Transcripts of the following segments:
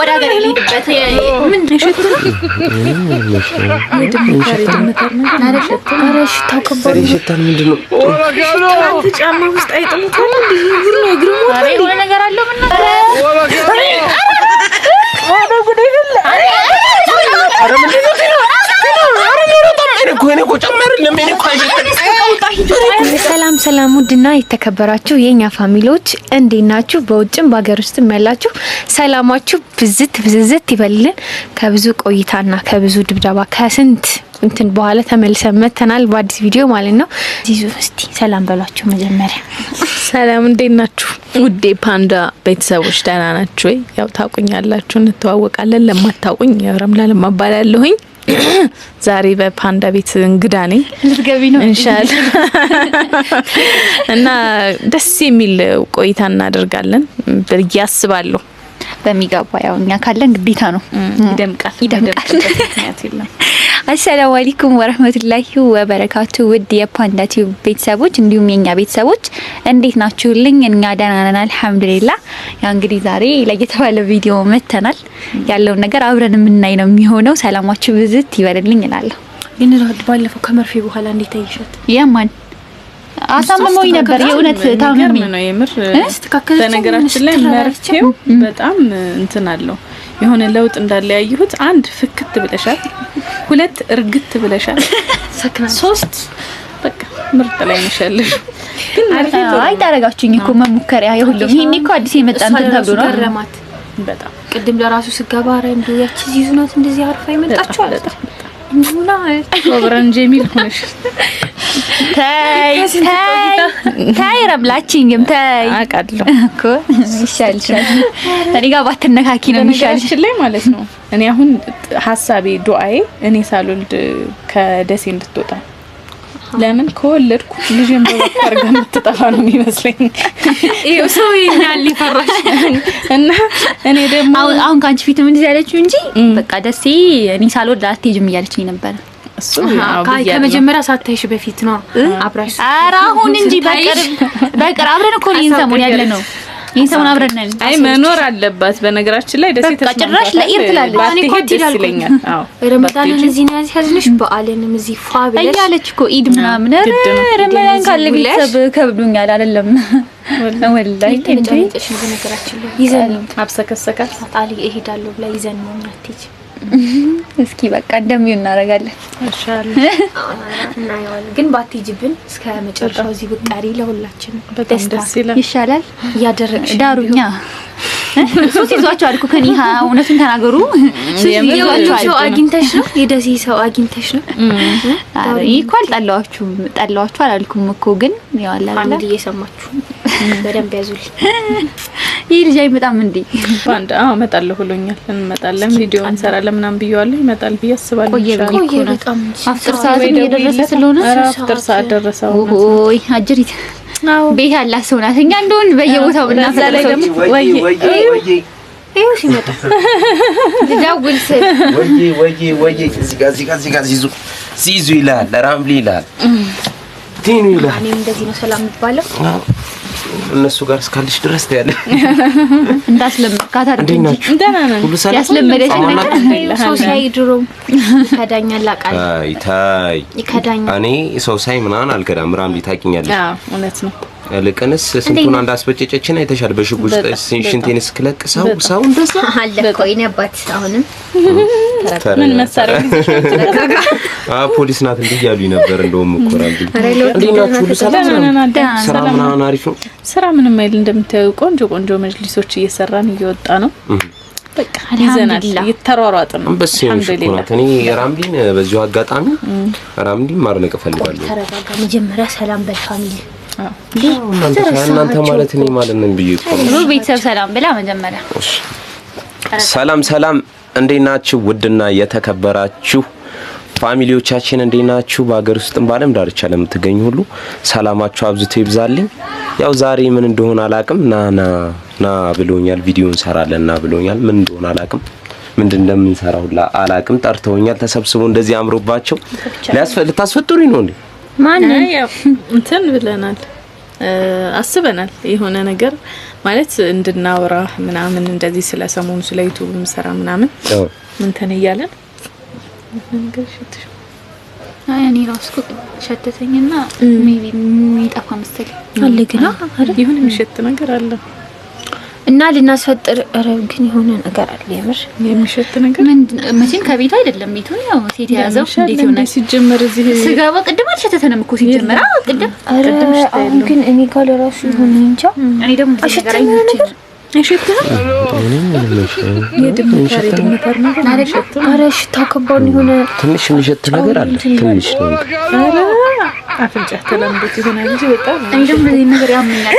ወደ ሀገር ልሄድበት ምን ሰላም ሰላም፣ ውድና የተከበራችሁ የኛ ፋሚሊዎች እንዴት ናችሁ? በውጭም በሀገር ውስጥም ያላችሁ ሰላማችሁ ብዝት ብዝዝት ይበልልን። ከብዙ ቆይታና ከብዙ ድብደባ ከስንት እንትን በኋላ ተመልሰን መተናል በአዲስ ቪዲዮ ማለት ነው። ዚዙ እስቲ ሰላም በሏችሁ መጀመሪያ። ሰላም እንዴት ናችሁ? ውዴ ፓንዳ ቤተሰቦች ደህና ናችሁ ወይ? ያው ታውቁኛላችሁ፣ እንተዋወቃለን። ለማታውቁኝ ረምላ ለማባል ያለሁኝ ዛሬ በፓንዳ ቤት እንግዳ ነኝ። ልትገቢ ነው እንሻል እና ደስ የሚል ቆይታ እናደርጋለን ብዬ አስባለሁ። በሚገባ ያው እኛ ካለን ግዴታ ነው። ይደምቃል ይደምቃል። አሰላሙ አለይኩም ወረህመቱላሂ ወበረካቱ። ውድ የፓንዳ ቲዩብ ቤተሰቦች እንዲሁም የኛ ቤተሰቦች እንዴት ናችሁልኝ? እኛ ደህና ነን አልሐምዱሊላህ። ያ እንግዲህ ዛሬ ለየተባለ ቪዲዮ መተናል። ያለውን ነገር አብረን የምናይ ነው የሚሆነው። ሰላማችሁ ብዝት ይበልልኝ እላለሁ። ግን ባለፈው ከመርፌ በኋላ እንዴት አይሻት የማን አሳምመውኝ ነበር። የእውነት ታመሚ ነው የምር ስትካከለ። በነገራችን ላይ መርፌው በጣም እንትን አለው የሆነ ለውጥ እንዳለ ያየሁት፣ አንድ ፍክት ብለሻል፣ ሁለት እርግት ብለሻል፣ ሶስት በቃ ምርጥ ላይ ነሽ ያለሽ። ግን አይታረጋችሁኝ እኮ መሞከሪያ የሁሉም ይሄን እኮ አዲስ የመጣ እንትን ተብሎ ነው ረማት። በጣም ቅድም ለራሱ ስገባ አረ እንዴ ያቺ ዚዙ ናት እንደዚህ አርፋ ይመጣችኋል። እንዱና ወብረን ጀሚል ሆነሽ ታይ ታይ ታይ ረብላችኝም ታይ አውቃለሁ እኮ ይሻልሽ። እኔ ጋር ባትነካኪ ነው የሚሻልሽ ላይ ማለት ነው። እኔ አሁን ሀሳቤ ዱአዬ እኔ ሳልወልድ ከደሴ እንድትወጣ ለምን ከወለድኩ ልጅ በበካር ጋር የምትጠፋ ነው የሚመስለኝ። ይኸው ሰው ይኛል ሊፈራሽ እና እኔ ደግሞ አሁን ከአንቺ ፊት ምን ያለችው እንጂ በቃ ደሴ እኔ ሳልወልድ አትሄጂም እያለችኝ ነበር። ከመጀመሪያ ሳታይሽ በፊት ነው አብራሽ። ኧረ አሁን እንጂ በቅርብ አብረን እኮ ይህን ሰሞን ያለ ነው። ይህን ሰሞን አብረን ነን። አይ መኖር አለባት። በነገራችን ላይ ደስ ደሴ ጭራሽ ለኢር ትላለች ይለኛል። ረመዳንን እዚህ ነው ያዚህ ያዝንሽ፣ በዓልንም እዚህ ፏ ብለሽ እያለች እኮ ኢድ ምናምን ረመዳን ካለ ቤተሰብ ከብዶኛል አይደለም ወላሂ ላይ ይዘን አብሰከሰካት ጣሊ እሄዳለሁ ብላ ይዘን ነው የምትሄጂው እስኪ በቃ እንደሚሆን እናደርጋለን። ግን ባትሄጂብን እስከ መጨረሻው እዚህ ብቃሪ ለሁላችን ይሻላል። እያደረግሽ ዳሩኛ ሶስት ይዟቸዋል እኮ ከኔ እውነቱን ተናገሩ። ሰው አግኝተሽ ነው የደሴ ሰው አግኝተሽ ነው። ይህ እኮ አልጠላዋችሁም ጠላዋችሁ አላልኩም እኮ ግን ያው አላ እየሰማችሁ በደንብ ያዙል። ይህ ልጅ አይመጣም እንዴ? አንድ አዎ፣ እመጣለሁ ብሎኛል። እንመጣለን፣ ቪዲዮ እንሰራለን ምናምን ብየዋለሁ። ይመጣል ብዬ አስባለሁ። አፍጥር ሰዓት እየደረሰ ስለሆነ አፍጥር ሰዓት ደረሰ። ኦሆይ አጅሪት ቤት ያላት ሰው ናት። እኛ እንደሆን በየቦታው ብናፈላላይ ደግሞ ወይ ይኸው ሲመጣ ልደውል ስል ወይ ወይ ወይ ይላል፣ ይላል ቲኑ ይላል። እኔም እንደዚህ ነው ሰላም የሚባለው። እነሱ ጋር እስካልሽ ድረስ ታያለ እንዳስለመድካት አይደል? እንደና ያስለመደሽ ሰው ሳይ ድሮ ይከዳኛል፣ አውቃለሁ። ታይ ይከዳኛል። እኔ ሰው ሳይ ምናምን አልከዳም። ምራም አዎ እውነት ነው ልቅንስ ስንቱን አንድ አስበጨጨችን አይተሻል። በሽጉጥ ሽንቴን እስክለቅ ሰው ሰው እንደዛ አለ እኮ የእኔ አባት። አሁንም ምን መሳሪያ ፖሊስ ናት እንዴ ያሉኝ ነበር። እንደውም እኮ ስራ ምናምን አሪፍ ነው። ስራ ምንም አይል። እንደምታዩ ቆንጆ ቆንጆ መጅሊሶች እየሰራን እየወጣ ነው። በቃ ይዘናል። እየተሯሯጥን ነው። አልሐምዱሊላህ። እኔ ራምሊን በዚሁ አጋጣሚ ማድነቅ እፈልጋለሁ። ተረጋጋ መጀመሪያ ሰላም በል ፋሚሊ እናንተ ማለት እኔ ማለት ነኝ ብዬ ቤተሰብ ሰላም ብላ መጀመሪያ ሰላም ሰላም፣ እንዴት ናችሁ? ውድና የተከበራችሁ ፋሚሊዎቻችን እንዴት ናችሁ? በሀገር ውስጥም በዓለም ዳርቻ ለምትገኙ ሁሉ ሰላማችሁ አብዝቶ ይብዛልኝ። ያው ዛሬ ምን እንደሆነ አላቅም። ና ና ና ብሎኛል፣ ቪዲዮ እንሰራለን ና ብሎኛል። ምን እንደሆነ አላቅም ምንድን እንደምንሰራ ሁላ አላቅም። ጠርተውኛል፣ ተሰብስቦ እንደዚህ አምሮባቸው ልታስፈጥሩኝ ነው እንዴ? ማን እንትን ብለናል አስበናል የሆነ ነገር ማለት እንድናወራ ምናምን እንደዚህ ስለ ሰሞኑ ስለ ዩቱብ ምሰራ ምናምን እንትን እያለን እኔ ራሱ ሸተተኝና ሜቢ የሚጠፋ መሰለኝ አለ ግን ይሁን የሚሸት ነገር አለ እና ልናስፈጥር ግን የሆነ ነገር አለ። የምር የሚሸት ነገር መቼም ከቤት አይደለም። ቤቱ ያው ሴት የያዘው እንዴት ይሆናል? ሲጀመር እዚህ ስጋባ ቅድም አልሸተተንም እኮ ሲጀመር። አዎ ቅድም ቅድም። አሁን ግን እኔ ካለ ራሱ ይሁን እንጃ። እኔ ደግሞ ነገር ሽታ ከባድ የሆነ ትንሽ የሚሸት ነገር አለ። ትንሽ አፍንጫ ተላምዶት ይሆናል እንጂ በጣም በዚህ ነገር ያመኛል።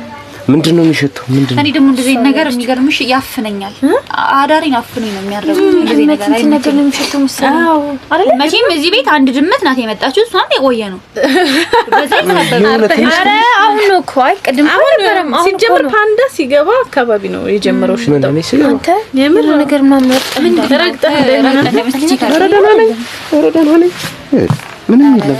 ምንድን ነው የሚሸተው? ምንድን ነው? እኔ ደግሞ እንደዚህ ነገር የሚገርምሽ ያፍነኛል። አዳሪን አፍነኝ ነው የሚያደርጉት። እንደዚህ ነገር ነው አይደል? መቼም እዚህ ቤት አንድ ድመት ናት የመጣችው፣ እሷም የቆየ ነው። አረ አሁን ነው እኮ አይ፣ ቅድም አሁን ሲጀምር ፓንዳ ሲገባ አካባቢ ነው የጀመረው ሽታው። አንተ የምር ነገር ምንም የለም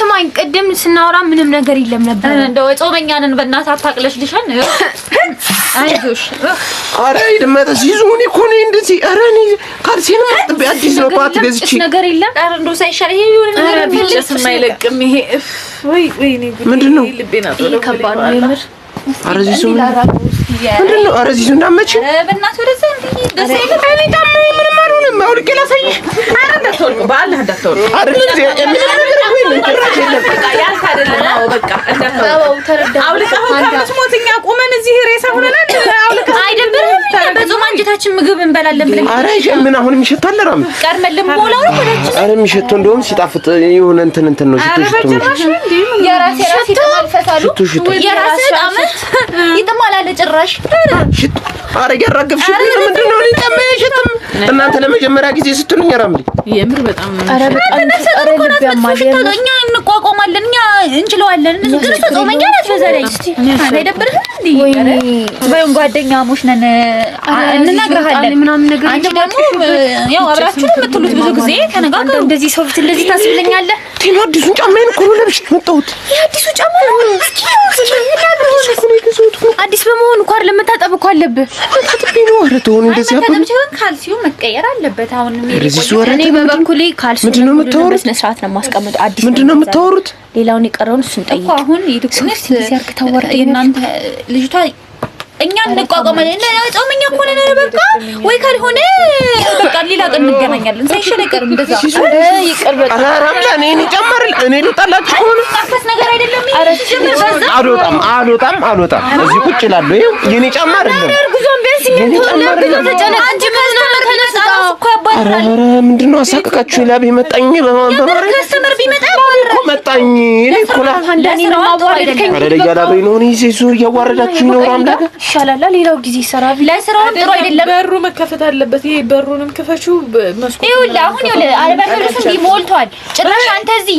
ስማኝ፣ ቅድም ስናወራ ምንም ነገር የለም ነበር። እንደው ጾመኛ ነን በእናትህ አታቅለሽ ልሽን። አይዞሽ። አረ ይድመጥሽ ይዙ እኔ እኮ ነኝ እንደዚህ። አረ እኔ ካልሲን ማጥብ አዲስ ነው ባት ገዝቼ ነገር የለም። አረ እንደው ሳይሻል ይሄ ይሁን ነገር ቢልስ የማይለቅም ይሄ ወይ ወይ ነው ምንድን ነው ልቤና ተወለ ከባድ ነው የምር አረ ዚሱ ምንድን ነው አረ ዚሱ እንዳመች በእናትህ ወደዛ እንዴ ደስ አይልም። አውልቄ ላሳይሽ። ኧረ እንዳትወልቁ በአላህ እንዳትወልቁ። አውልቀኸው ከምትሞት እኛ ቁመን እዚህ ሬሳ ሆነናል። አውልቀ በጾም አንጀታችን ምግብ እንበላለን ብለን አረ ይሸምን አሁን የሚሸት አለ ራም ቀድመን ልንሞላው ነው ወላችን አረ የሚሸተው እንደውም ሲጣፍጥ የሆነ እንትን እንትን ነው ሽቱ ሽቱ ነው የራስ ጣመት ይጥማል አለ ጭራሽ ሽቶ ኧረ ያራገብሽ ምንድን ነው ሊጠማ አይሸትም። እናንተ ለመጀመሪያ ጊዜ ስትሉኝ ራም የምር በጣም አረ በጣም ኧረ ልብ ያማል እንቋቋማለን፣ እኛ እንችለዋለን። ግን እሷ ጾመኛ ናት። በዛ ላይ ነን ምናምን ነገር አንቺ ደግሞ ያው አብራችሁ የምትሉት ብዙ ጊዜ ተነጋገሩ። እንደዚህ ሰው ፊት እንደዚህ ታስብለኛለህ። አዲሱን ጫማዬን እኮ ነው ለብሼ የአዲሱ ጫማ ነው አዲስ በመሆኑ እኮ አይደለም መታጠብ እኮ አለብህ። ካልሲው መቀየር አለበት። አሁን እኔ በበኩሌ ካልሲው ነው የማስቀምጠው አዲስ የምታወሩት? ሌላውን የቀረውን እሱን ጠይቅ አሁን የእናንተ ልጅቷ እኛ እንቋቋማለን። ጾመኛ ከሆነ ነው በቃ ወይ ካልሆነ በቃ ሌላ ቀን እንገናኛለን። ሳይሻል አይቀርም። እንደዛ እኔ ልጣላችሁ ከሆነ ነገር አይደለም። አልወጣም አልወጣም አልወጣም። እዚህ ቁጭ እላለሁ። ይኸው የኔ ጫማ አይደለም። ምንድን ነው አሳቅቃችሁ? ላብ መጣኝ በማን በማድረግ መጣኝ። እኔ እኮ እያዋረዳችሁ ነው። ይሻላል፣ ሌላው ጊዜ ይሰራል። ለስራውም ጥሩ አይደለም። በሩ መከፈት አለበት። ይሄ በሩንም ክፈቹ። አሁን ሞልቷል። ጭራሽ አንተ እዚህ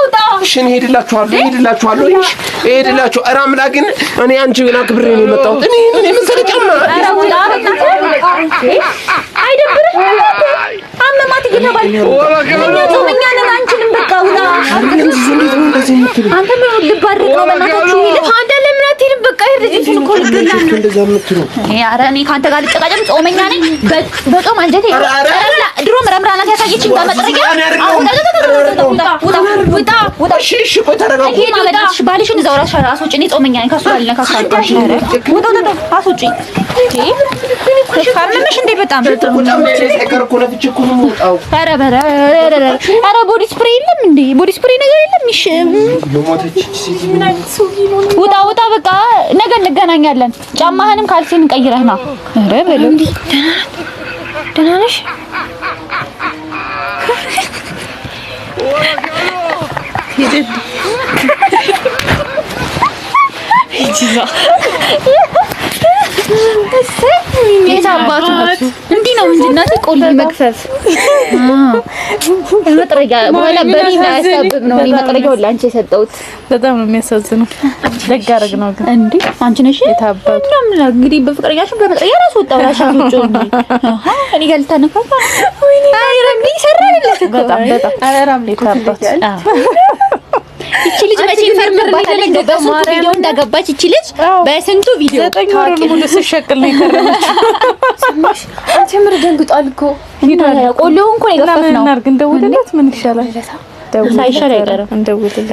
እባክሽ እኔ ሄድላችኋለሁ ሄድላችኋለሁ ሄድላችሁ። ኧረ ግን እኔ አንቺ ግን አክብሬ ነው የመጣሁት። እኔ እኔ ምን ሰለቻማ አይደብርም። አመማት አንቺንም አንተ ምን ልባርቀው አትሄድም። በቃ እኔ ከአንተ ጋር ልጨቃጨም። ጾመኛ ነኝ። በጾም አንጀቴ ድሮ መረምራ ናት ያሳየችኝ። ባልሽን እዛው አስወጪ። እኔ ጾመኛ ነኝ። ኧረ ቦዲ ስፕሬይ የለም እንዴ? ቦዲ ስፕሬይ ነገር የለም። ውጣ ውጣ በቃ ነገ እንገናኛለን። ጫማህንም ካልሲን ቀይረህ ና። ኧረ በለው እንዴ! ደህና ነሽ? ደህና ነሽ? እንዲህ ነው እንጂ እናቴ ቆሌ መግፈፍ መጥረጊያ በኋላ በእኔ እንዳያሳብብ ነው መጥረጊያውን ለአንቺ የሰጠሁት። በጣም ነው የሚያሳዝነው። ደግ አደረግ ነው ግን አንቺ ነሽ የታባቱ እንግዲህ በፍቅረኛሽ በመጥረጊያ እኔ ጋር እቺ ልጅ መቼ ፈርመር ባታለች በስንቱ ቪዲዮ እንዳገባች እቺ ልጅ በስንቱ ቪዲዮ ዘጠኝ ሙሉ ስሸቅል ነው የከረመችው። አንቺ ምር ደንግጧል እኮ ቆሎውን እኮ ነው የገፋት ነው። ምን እናድርግ ምን ይሻላል? ሳይሻል አይቀርም።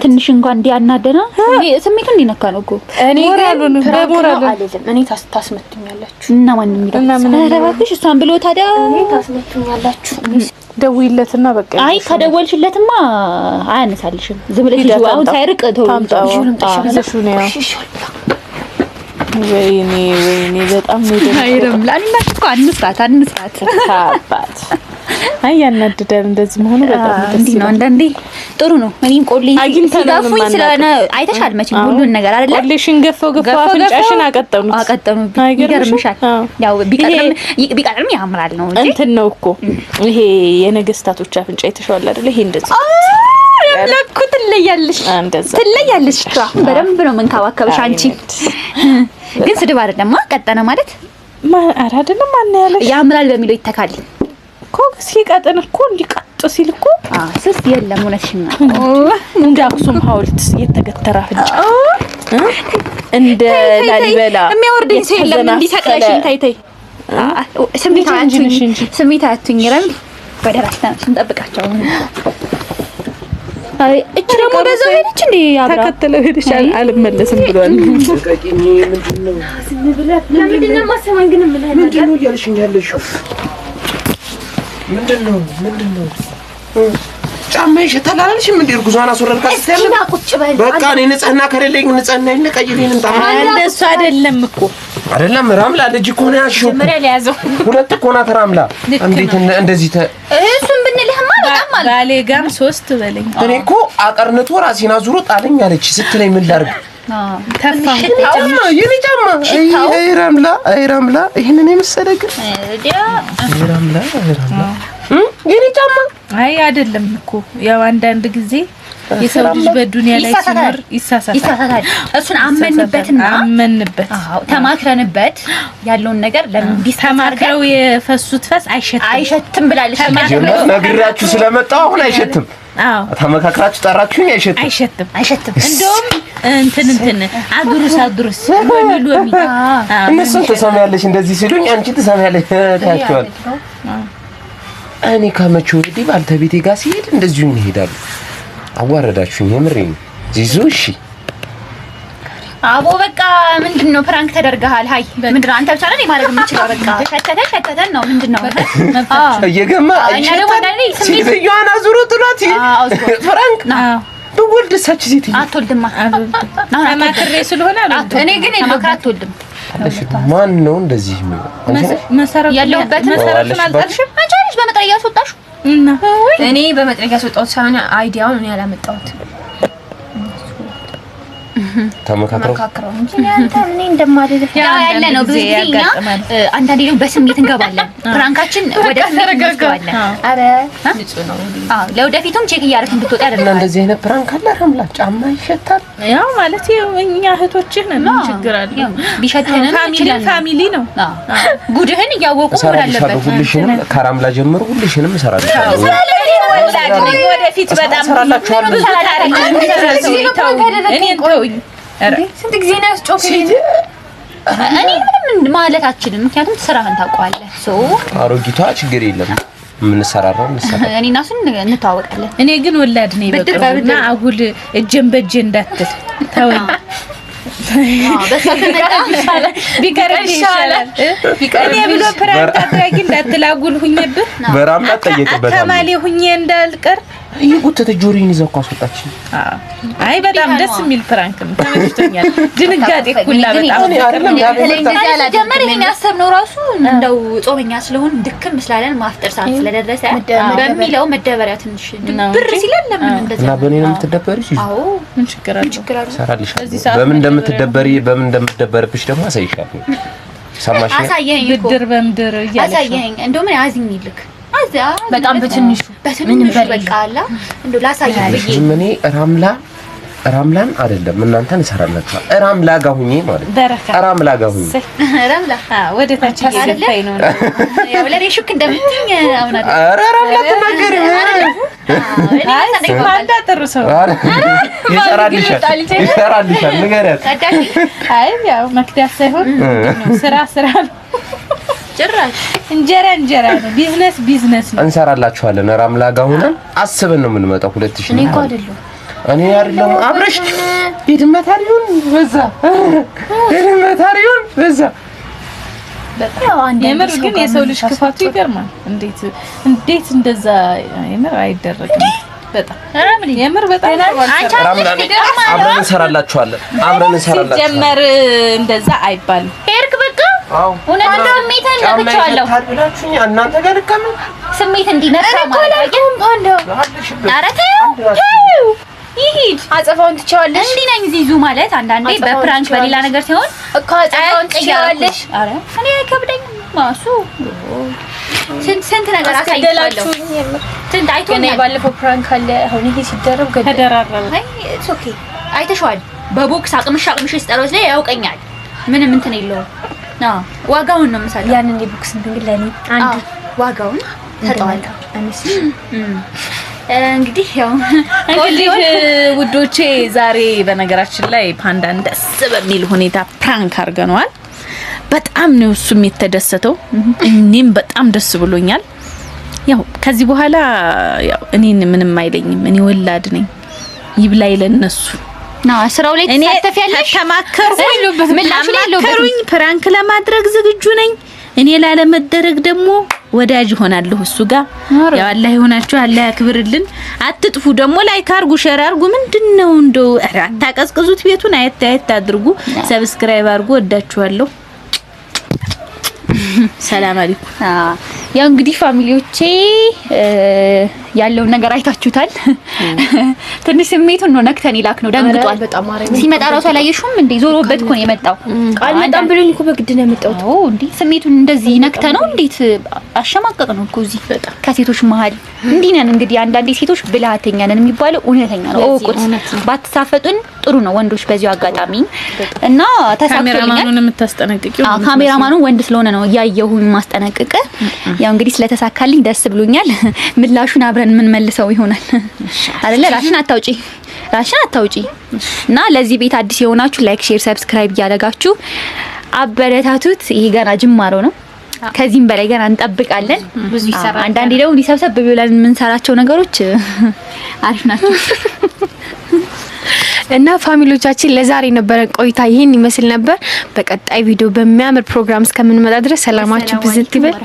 ትንሽ እንኳን እንዲያናደና ስሜቱ እንዲነካ ነው እኮ እኔ እኔ ታስመቱኛላችሁ እና ማንም እባክሽ እሷን ብሎ ታዲያ ታስመትኛላችሁ ደውይለትና በቃ አይ ከደወልሽለትማ አያነሳልሽም። ዝም ብለሽ አሁን ሳይርቅ ወይኔ ወይኔ በጣም ነው አይ ያናድዳል እንደዚህ መሆኑ። በጣም እንዲህ ነው አንዳንዴ። ጥሩ ነው። እኔም ቆሌ ሲጋፉኝ ስለሆነ አይተሻል መቼም ሁሉን ነገር አይደለ። ቆሌሽን ገፈው ገፈው አፍንጫሽን አቀጠኑት አቀጠኑት። ይገርምሻል። ያው ቢቀጥልም ቢቀጥልም ያምራል ነው እንጂ እንትን ነው እኮ ይሄ የነገስታቶች አፍንጫ የተሻለ አይደለ ይሄ እንደዚህ ለኩ ትለያለሽ፣ ትለያለሽ። አሁን በደንብ ነው መንከባከብሽ አንቺ። ግን ስድብ አይደለም ቀጠነ ማለት ማን አይደለም ማን ያለሽ ያምራል በሚለው ይተካልኝ። እኮ ሲቀጥን እኮ እንዲቀጥ ሲል እኮ ስስ የለም። እውነትሽን ነው። እንደ አክሱም ሐውልት የተገተረ አፍንጫ እንደ ላሊበላ የሚያወርደኝ ሰው የለም። እንዲሰቅለሽን ታይታይ ስሜት አያቱኝ ረምድ በደራሽ እንጠብቃቸው። እቺ ደግሞ ወደዛው ሄደች እንዴ? አብራ ተከተለው ሄደች። አልመለስም ብሏል። ምንድን ነው ጫማ ይሸጣል አላልሽም? እንደ እርጉዟን አስወረድካት ስታያለ በቃ እኔ ንጽህና ከሌለኝ ንጽህና ይነ ቀይሬን እንጣ አይደለም እኮ አይደለም። ራምላ ልጅ እኮ ነው ያልሽው። ሁለት እኮ ናት ራምላ። እንዴት እንደዚህ ተ እሱን ብንልህማ በጣም ባሌ ጋም ሶስት በለኝ። እኔ እኮ አቀርንቶ ራሴን አዙሮ ጣለኝ አለች ስትለኝ ምን ላድርግ ረምላ ይህንን የመሰለ ግን የኔ ጫማ አይ አይደለም እኮ ያው አንዳንድ ጊዜ የሰው ልጅ በዱንያ ላይ ሲኖር ይሳሳታል። እሱን አመንበትና አመንበት፣ ተማክረንበት ያለውን ነገር ተማክረው የፈሱት ፈስ አይሸትም አይሸትም ብላለች። ነግራችሁ ስለመጣሁ አሁን አይሸትም ተመካክራችሁ ጠራችሁኝ። አይሸትም፣ አይሸትም፣ አይሸትም። እንደውም እንትን እንትን አድሩስ አድሩስ ሎሚ ሎሚ እነሱን ትሰሚያለሽ እንደዚህ ሲሉኝ አንቺ ትሰሚያለሽ ታያቸዋል። እኔ ከመቼ ወዲህ ባልተቤቴ ጋር ሲሄድ እንደዚሁ ይሄዳሉ። አዋረዳችሁኝ፣ የምሬ ነው ዚዙ። እሺ አቦ በቃ ምንድን ነው ፕራንክ ተደርገሃል። ሀይ ምንድን ነው አንተ ብቻ ነህ ማድረግ የምችለው። በቃ ከተተ ከተተ ነው ምንድን ነው እየገማ እኛ ደግሞ እንዳለ ሴትዮዋን አዙሮ ጥሏት ፕራንክ ብወልድ እሳች ሴትዮ አትወልድማ። ተማክሬ ስለሆነ እኔ ግን የመክራ አትወልድም። ማን ነው እንደዚህ መሰረቱ ያለውበት መሰረቱን አልጠልሽም። አንቺ አለሽ በመጥረጊያ አስወጣሽው። እኔ በመጥረጊያ አስወጣሁት ሳይሆን አይዲያውን እኔ አላመጣሁትም ተመካክረው ያለ ነው። ብዙ ጊዜ እኛ አንዳንዴ ደግሞ በስሜት እንገባለን። ፕራንካችን ወደ እንገባለን። ለወደፊቱም ቼክ እያደረግን እንድትወጣ አይደለም። እንደዚህ አይነት ፕራንክ አለ። ረምላ ጫማ ይሸታል። ያው ማለት እኛ እህቶችህ ነን። ችግር አለ ቢሸትህን ፋሚሊ ፋሚሊ ነው። ጉድህን እያወቁ ወደ ሁልሽንም ከራምላ ጀምሮ ሁልሽንም እሰራለሁ ወደፊት በጣም ብዙ ታሪክ ቆይ ስንት ጊዜ ነው ያስጮክልኝ? እኔ ምንም ማለት አችልም፣ ምክንያቱም ስራህን ታውቀዋለህ። አሮጊቷ ችግር የለም የምንሰራራው እኔ እና እሱን እንተዋወቃለን። እኔ ግን ወላድ ነኝ በቅርቡና አጉል እጄን በእጄ እንዳትል ተወኝ። እኔ ብሎ ፕራንክ አድራጊ እንዳትል አጉል ሁኜብህ ከማሌ ሁኜ እንዳልቀር እየጎተተ ጆሮዬን ይዘው እኮ አስወጣችኝ። አይ በጣም ደስ የሚል ፕራንክ ነው፣ ተመችቶኛል። ድንጋጤ ሁላ በጣም ጀመር። ይሄን ያሰብነው ራሱ እንደው ጾመኛ ስለሆን ድክም ስላለን ማፍጠር ሰዓት ስለደረሰ በሚለው መደበሪያ ትንሽ ብር ሲለን ለምን እንደዛ እና በእኔ ነው የምትደበሪ? አዎ ምን ችግር አለው? እሰራልሻለሁ። በምን እንደምትደበሪ በምን እንደምትደበርብሽ ደግሞ አሳይሻለሁ። ሰማሽ? ብድር በምድር እያለሽ አሳየኸኝ እንደው ምን አዝኝ ይልክ በጣም በትንሹ በትንሹ ምን ራምላ ራምላን አይደለም እናንተን እሰራላችኋል። ራምላ ጋር ሁኜ ማለት ነው። ራምላ ጋር ሁኜ ራምላ ወደ ታች አስገባይ ነው ያው ለኔ ሹክ እንደምትኝ አሁን አይደል? ኧረ ራምላ ተናገሪ። አይ ያው መክዳት ሳይሆን ስራ ስራ ነው ጭራሽ እንጀራ እንጀራ ነው። ቢዝነስ ቢዝነስ ነው። እንሰራላችኋለን። ራምላ ጋር ሆነን አስበን ነው የምንመጣው። ሁለት ሺህ እኔ እኮ አይደለሁ እኔ አብረሽ በዛ በዛ የምር ግን የሰው ልጅ ክፋቱ ይገርማል። እንዴት እንዴት እንደዛ የምር አይደረግም። በጣም የምር አብረን እንሰራላችኋለን። አብረን እንሰራላችኋለን። ሲጀመር እንደዛ አይባልም። ሄድክ በቃ እውነት ነቅቼዋለሁ። እናንተ ጋር ልቀመጥ ስሜት እንዲነካ ይሂድ አጽፋውን ትቸዋለሽ። እንዲህ ነኝ ዚዙ ማለት አንዳንዴ በፕራንክ በሌላ ነገር ሲሆን እኮ አጽፋውን ትቸዋለሽ። አረ እኔ አይከብደኝ ማሱ ስንት ስንት ነገር አሳይቻለሁ። ስንት አይቶ ነው ባለፈው ፕራንክ አለ። አሁን ይሄ ሲደረብ ተደራረበ። አይ ኢትስ ኦኬ አይተሽዋል። በቦክስ አቅምሽ አቅምሽ ስጠሮች ላይ ያውቀኛል። ምንም እንትን የለውም። ዋጋውን ነው የምሰጠው። ያንን የቦክስ እንትን ለኔ አንድ ዋጋውን ተጠዋለሁ። አንቺ እንግዲህ ያው ውዶቼ፣ ዛሬ በነገራችን ላይ ፓንዳን ደስ በሚል ሁኔታ ፕራንክ አድርገነዋል። በጣም ነው እሱም የተደሰተው፣ እኔም በጣም ደስ ብሎኛል። ያው ከዚህ በኋላ ያው እኔን ምንም አይለኝም። እኔ ወላድ ነኝ። ይብላኝ ለነሱ ነው ስራው ላይ ተሳተፍ ተሳተፊያለሽ። ተማከሩኝ፣ ፕራንክ ለማድረግ ዝግጁ ነኝ። እኔ ላለመደረግ ደግሞ ወዳጅ ሆናለሁ እሱ ጋር። ያው አላህ ይሆናችሁ፣ አላህ ያክብርልን። አትጥፉ ደግሞ ላይክ አርጉ፣ ሼር አርጉ። ምንድነው እንደው አታቀዝቅዙት፣ ቤቱን አየት አየት አድርጉ፣ ሰብስክራይብ አርጉ። ወዳችኋለሁ። ሰላም አለኩም። ያው እንግዲህ ፋሚሊዎቼ ያለውን ነገር አይታችሁታል። ትንሽ ስሜቱን ነው ነክተን ይላክ ነው ደንግጧል። ሲመጣ ራሱ አላየሽውም እንዴ? ዞሮበት እኮ ነው የመጣው። አልመጣም ብሎኝ እኮ በግድ ነው የመጣሁት። ኦ እንዴ! ስሜቱን እንደዚህ ነክተ ነው እንዴት አሸማቀቅ ነው እኮ እዚህ ከሴቶች መሀል እንዲህ ነን እንግዲህ። አንዳንዴ ሴቶች ብልሃተኛ ነን የሚባለው እውነተኛ ነው እውቁት። ባትሳፈጡን ጥሩ ነው ወንዶች። በዚሁ አጋጣሚ እና ተሳክቶልኛል። ካሜራማኑን የምታስጠነቅቂው ካሜራማኑን ወንድ ስለሆነ ነው እያየሁኝ ማስጠነቅቀ ያው እንግዲህ ስለተሳካልኝ ደስ ብሎኛል። ምላሹን አብረን የምንመልሰው ይሆናል አይደለ? ራሽን አታውጪ ራሽን አታውጪ። እና ለዚህ ቤት አዲስ የሆናችሁ ላይክ፣ ሼር፣ ሰብስክራይብ እያደረጋችሁ አበረታቱት። ይሄ ገና ጅማሮ ነው። ከዚህም በላይ ገና እንጠብቃለን። አንዳንዴ ደግሞ እንዲሰብሰብ ብለን የምንሰራቸው ነገሮች አሪፍ ናቸው። እና ፋሚሊዎቻችን ለዛሬ የነበረን ቆይታ ይህን ይመስል ነበር። በቀጣይ ቪዲዮ በሚያምር ፕሮግራም እስከምንመጣ ድረስ ሰላማችሁ ብዝት ይበል።